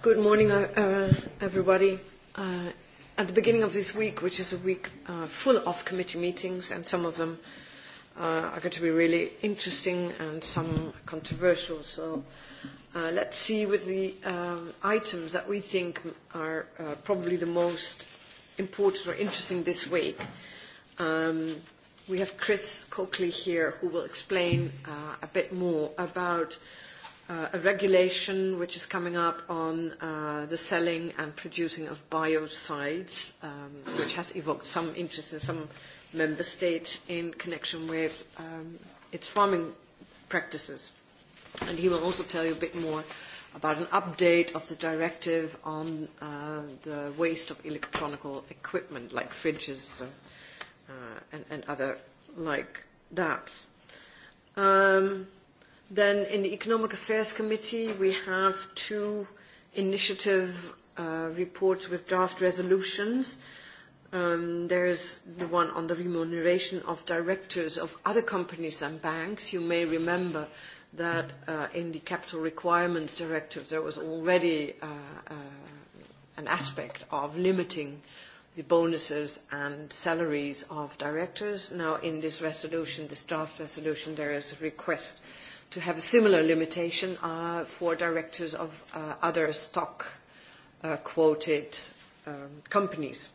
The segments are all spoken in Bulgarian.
Good morning, uh, everybody. Uh, at the beginning of this week, which is a week uh, full of committee meetings, and some of them uh, are going to be really interesting and some controversial. So uh, let's see with the um, items that we think are uh, probably the most important or interesting this week. Um, we have Chris Coakley here who will explain uh, a bit more about uh, a regulation which is coming up on the selling and producing of biocides, which has evoked some interest in some member states in connection with its farming practices. And he will also tell you a bit more about an update of the directive on the waste of electronic equipment like fridges and, and other like that. Um, Then in the Economic Affairs Committee, we have two initiative uh, reports with draft resolutions. Um, is the one on the remuneration of directors of other companies than banks. You may remember that uh, in the Capital Requirements Directive, there was already uh, uh, an aspect of limiting the bonuses and salaries of directors. Now, in this resolution, this draft resolution, there is a request uh, to have a similar limitation uh, for directors of uh, other stock uh, quoted um, companies.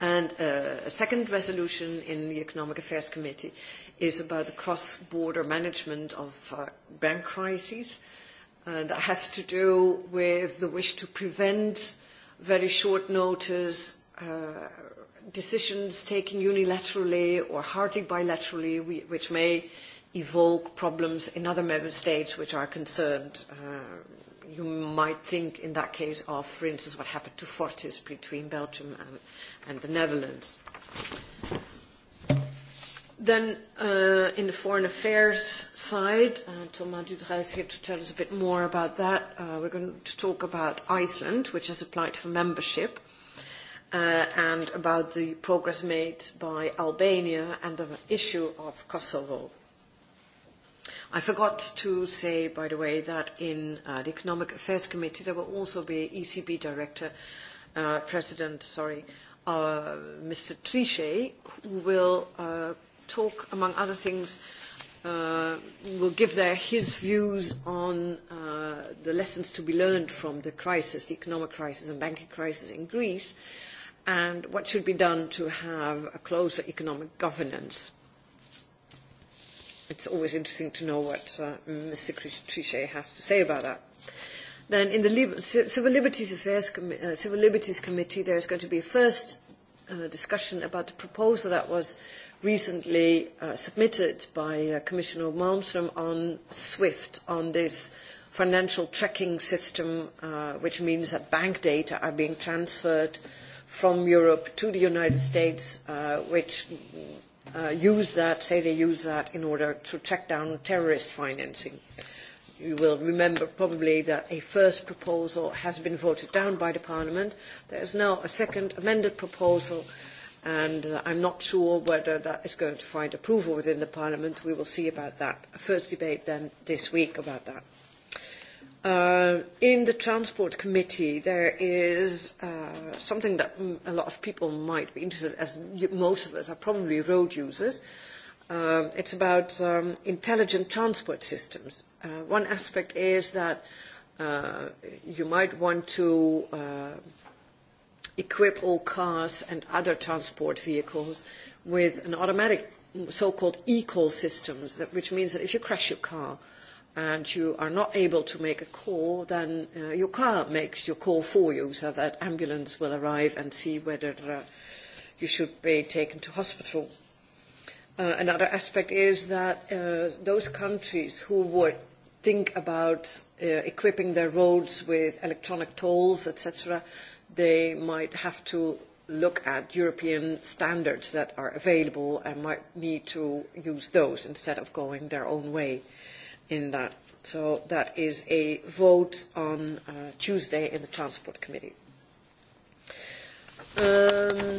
And uh, a second resolution in the Economic Affairs Committee is about the cross-border management of uh, bank crises. Uh, that has to do with the wish to prevent very short notice uh, decisions taken unilaterally or hardly bilaterally, which may uh, evoke problems in other member states which are concerned. you might think in that case of, for instance, what happened to Fortis between Belgium and, and the Netherlands. Then uh, in the foreign affairs side, uh, Thomas Dudra is here to tell us a bit more about that. Uh, we're going to talk about Iceland, which has applied for membership, uh, and about the progress made by Albania and the issue of Kosovo. I forgot to say, by the way, that in uh, the Economic Affairs Committee there will also be ECB director, uh, president, sorry, uh, Mr. Trichet, who will uh, talk, among other things, uh, will give there his views on uh, the lessons to be learned from the crisis, the economic crisis and banking crisis in Greece, and what should be done to have a closer economic governance it's always interesting to know what uh, Mr. Trichet has to say about that. Then in the Lib- Civil Liberties Affairs Com- uh, Civil Liberties Committee, there's going to be a first uh, discussion about the proposal that was recently uh, submitted by uh, Commissioner Malmström on SWIFT, on this financial tracking system, uh, which means that bank data are being transferred from Europe to the United States, uh, which use that, say they use that in order to track down terrorist financing. You will remember probably that a first proposal has been voted down by the Parliament. There is now a second amended proposal, and uh, I'm not sure whether that is going to find approval within the Parliament. We will see about that. A first debate then this week about that in the Transport Committee, there is uh, something that a lot of people might be interested in, as most of us are probably road users. Um, it's about um, intelligent transport systems. Uh, one aspect is that uh, you might want to uh, equip all cars and other transport vehicles with an automatic so-called e-call systems, that, which means that if you crash your car, and you are not able to make a call, then uh, your car makes your call for you so that ambulance will arrive and see whether uh, you should be taken to hospital. Uh, another aspect is that uh, those countries who would think about uh, equipping their roads with electronic tolls, etc., they might have to look at European standards that are available and might need to use those instead of going their own way. Uh, in that. So that is a vote on uh, Tuesday in the Transport Committee. Um,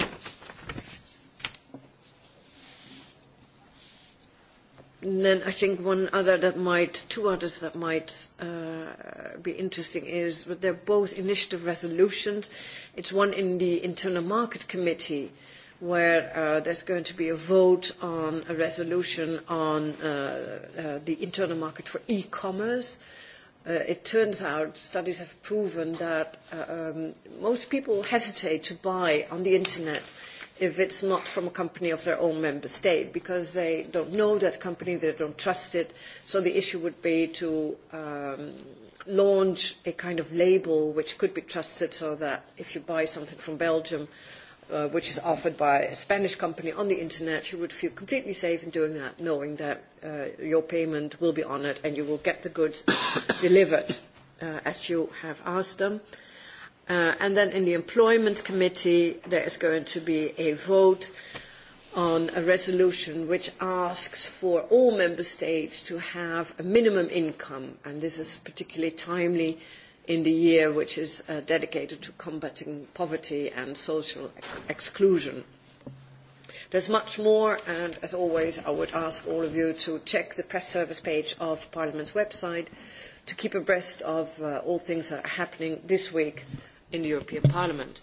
And then I think one other that might, two others that might uh, be interesting is, but they're both initiative resolutions. It's one in the Internal Market Committee uh, where uh, there's going to be a vote on a resolution on uh, uh, the internal market for e-commerce. Uh, it turns out studies have proven that uh, um, most people hesitate to buy on the internet if it's not from a company of their own member state because they don't know that company, they don't trust it. So the issue would be to um, launch a kind of label which could be trusted so that if you buy something from Belgium, which is offered by a Spanish company on the internet, you would feel completely safe in doing that, knowing that your payment will be honoured and you will get the goods delivered as you have asked them. and then in the Employment Committee, there is going to be a vote on a resolution which asks for all member states to have a minimum income, and this is particularly timely uh, in the year which is dedicated to combating poverty and social exclusion. There is much more, and as always, I would ask all of you to check the press service page of Parliament's website to keep abreast of all things that are happening this week in the European Parliament.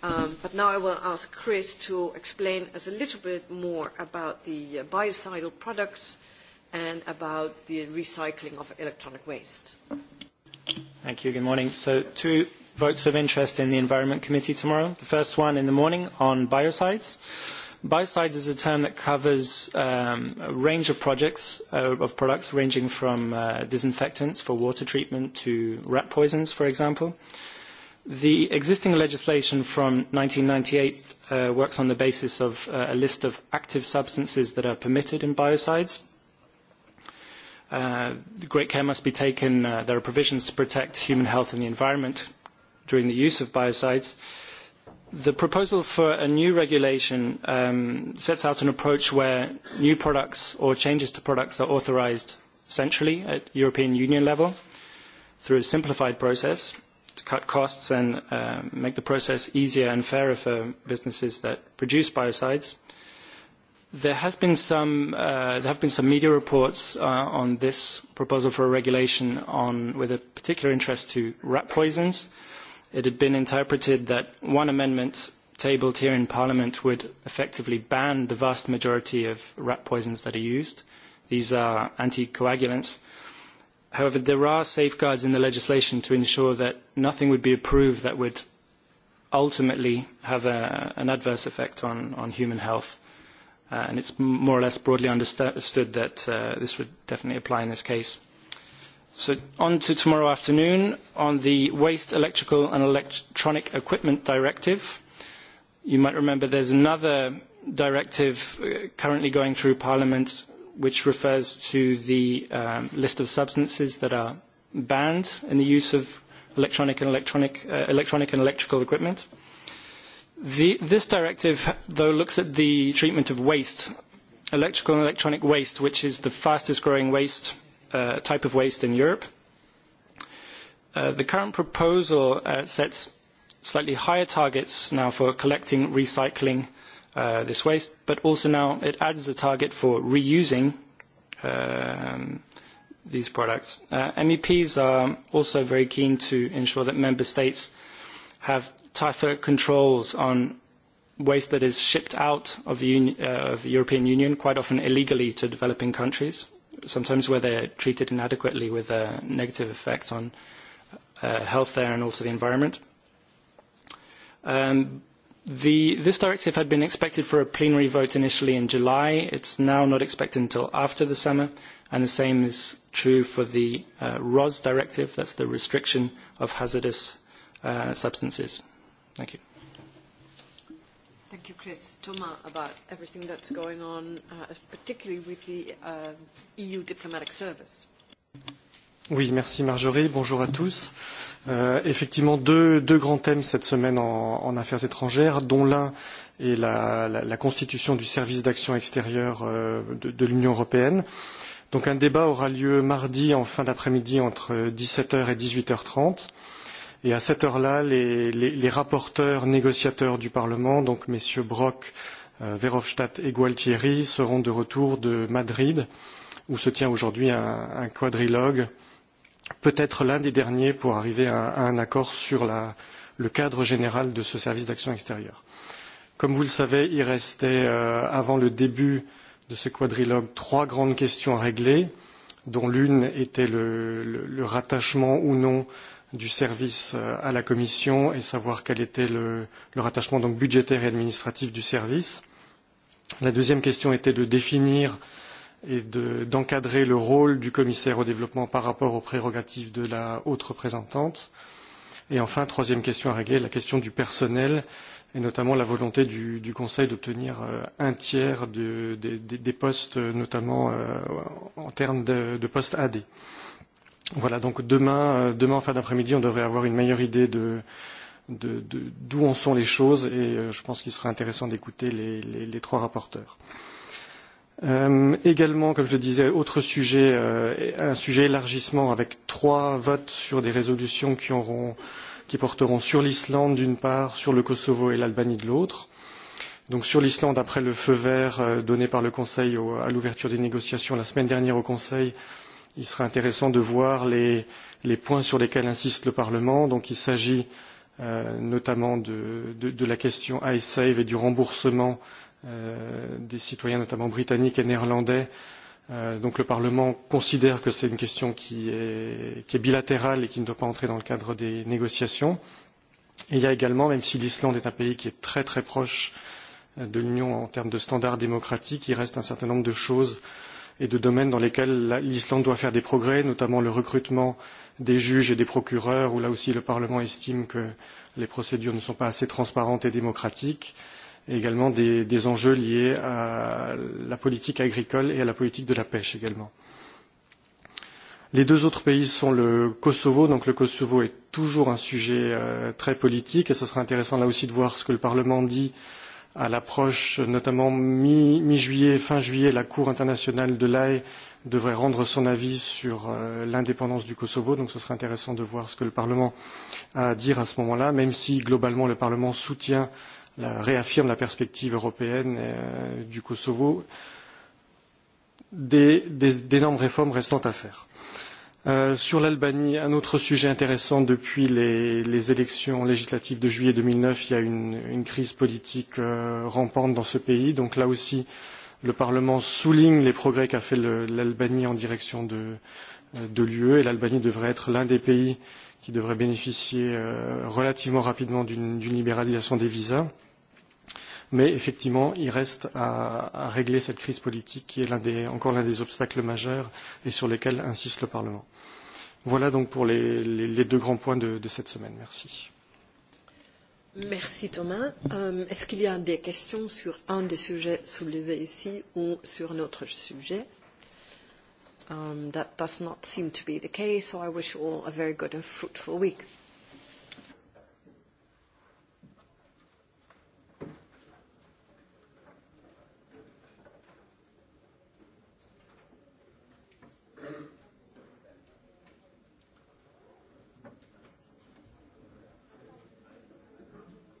but now I will ask Chris to explain us a little bit more about the biocidal products and about the recycling of electronic waste. Thank you. Good morning. So two votes of interest in the Environment Committee tomorrow. The first one in the morning on biocides. Biocides is a term that covers um, a range of projects uh, of products ranging from uh, disinfectants for water treatment to rat poisons, for example. The existing legislation from 1998 uh, works on the basis of uh, a list of active substances that are permitted in biocides great care must be taken. there are provisions to protect human health and the environment during the use of biocides. The proposal for a new regulation sets out an approach where new products or changes to products are authorised centrally at European Union level through a simplified process to cut costs and make the process easier and fairer for businesses that produce biocides. Uh, There has been some uh, there have been some media reports uh, on this proposal for a regulation on with a particular interest to rat poisons. It had been interpreted that one amendment tabled here in Parliament would effectively ban the vast majority of rat poisons that are used. These are anticoagulants. However, there are safeguards in the legislation to ensure that nothing would be approved that would ultimately have a, an adverse effect on, on human health and it's more or less broadly understood that this would definitely apply in this case. So on to tomorrow afternoon on the Waste Electrical and Electronic Equipment Directive. You might remember there's another directive currently going through Parliament which refers to the list of substances that are banned in the use of electronic and electronic, electronic and electrical equipment this directive, though, looks at the treatment of waste, electrical and electronic waste, which is the fastest growing waste type of waste in Europe. the current proposal sets slightly higher targets now for collecting, recycling this waste, but also now it adds a target for reusing these products. MEPs are also very keen to ensure that member states – have tougher controls on waste that is shipped out of the, of the European Union, quite often illegally to developing countries, sometimes where they're treated inadequately with a negative effect on uh, health there and also the environment. Um, the, this directive had been expected for a plenary vote initially in July. It's now not expected until after the summer, and the same is true for the uh, ROS directive, that's the restriction of hazardous uh, substances. Thank you. Thank you, Chris. Thomas, about everything that's going on, uh, particularly with the uh, EU diplomatic service. Oui, merci Marjorie. Bonjour à tous. Euh, effectivement, deux, deux grands thèmes cette semaine en, en affaires étrangères, dont l'un est la, la, la constitution du service d'action extérieure euh, de, de l'Union européenne. Donc un débat aura lieu mardi en fin d'après-midi entre 17h et 18h30. Euh, Et à cette heure-là, les, les, les rapporteurs négociateurs du Parlement, donc messieurs Brock, euh, Verhofstadt et Gualtieri, seront de retour de Madrid, où se tient aujourd'hui un, un quadrilogue, peut-être l'un des derniers pour arriver à, à un accord sur la, le cadre général de ce service d'action extérieure. Comme vous le savez, il restait, euh, avant le début de ce quadrilogue, trois grandes questions à régler, dont l'une était le, le, le rattachement ou non du service à la Commission et savoir quel était le, le rattachement donc budgétaire et administratif du service. La deuxième question était de définir et d'encadrer le rôle du commissaire au développement par rapport aux prérogatives de la haute représentante. Et enfin, troisième question à régler, la question du personnel et notamment la volonté du, du Conseil d'obtenir un tiers de, des, des postes, notamment en termes de, de postes AD. Voilà, donc demain, demain en fin d'après-midi, on devrait avoir une meilleure idée de d'où en sont les choses et je pense qu'il sera intéressant d'écouter les, les, les trois rapporteurs. Euh, également, comme je le disais, autre sujet, euh, un sujet élargissement avec trois votes sur des résolutions qui, auront, qui porteront sur l'Islande d'une part, sur le Kosovo et l'Albanie de l'autre. Donc sur l'Islande, après le feu vert donné par le Conseil au, à l'ouverture des négociations la semaine dernière au Conseil, euh, il sera intéressant de voir les, les points sur lesquels insiste le Parlement. Donc il s'agit euh, notamment de, de, de la question iSave et du remboursement euh, des citoyens, notamment britanniques et néerlandais. Euh, donc le Parlement considère que c'est une question qui est, qui est bilatérale et qui ne doit pas entrer dans le cadre des négociations. Et il y a également, même si l'Islande est un pays qui est très très proche de l'Union en termes de standards démocratiques, il reste un certain nombre de choses euh, et de domaines dans lesquels l'Islande doit faire des progrès, notamment le recrutement des juges et des procureurs, où là aussi le Parlement estime que les procédures ne sont pas assez transparentes et démocratiques, et également des, des enjeux liés à la politique agricole et à la politique de la pêche également. Les deux autres pays sont le Kosovo. Donc le Kosovo est toujours un sujet euh, très politique et ce sera intéressant là aussi de voir ce que le Parlement dit à l'approche notamment mi-juillet, fin juillet, la Cour internationale de l'AE devrait rendre son avis sur l'indépendance du Kosovo, donc ce serait intéressant de voir ce que le Parlement a à dire à ce moment-là, même si globalement le Parlement soutient, réaffirme la perspective européenne du Kosovo, d'énormes réformes restant à faire. Euh, sur l'Albanie, un autre sujet intéressant depuis les, élections législatives de juillet deux mille neuf, il y a une, crise politique rampante dans ce pays. Donc là aussi, le Parlement souligne les progrès qu'a fait l'Albanie en direction de, l'UE et l'Albanie devrait être l'un des pays qui devrait bénéficier relativement rapidement d'une libéralisation des visas. Mais effectivement, il reste à, à régler cette crise politique qui est l'un des, encore l'un des obstacles majeurs et sur lesquels insiste le Parlement. Voilà donc pour les, les, les deux grands points de, de cette semaine. Merci. Merci Thomas. Euh, Est-ce qu'il y a des questions sur un des sujets soulevés ici ou sur un autre sujet um, That does not seem to be the case, so I wish you all a very good and fruitful week.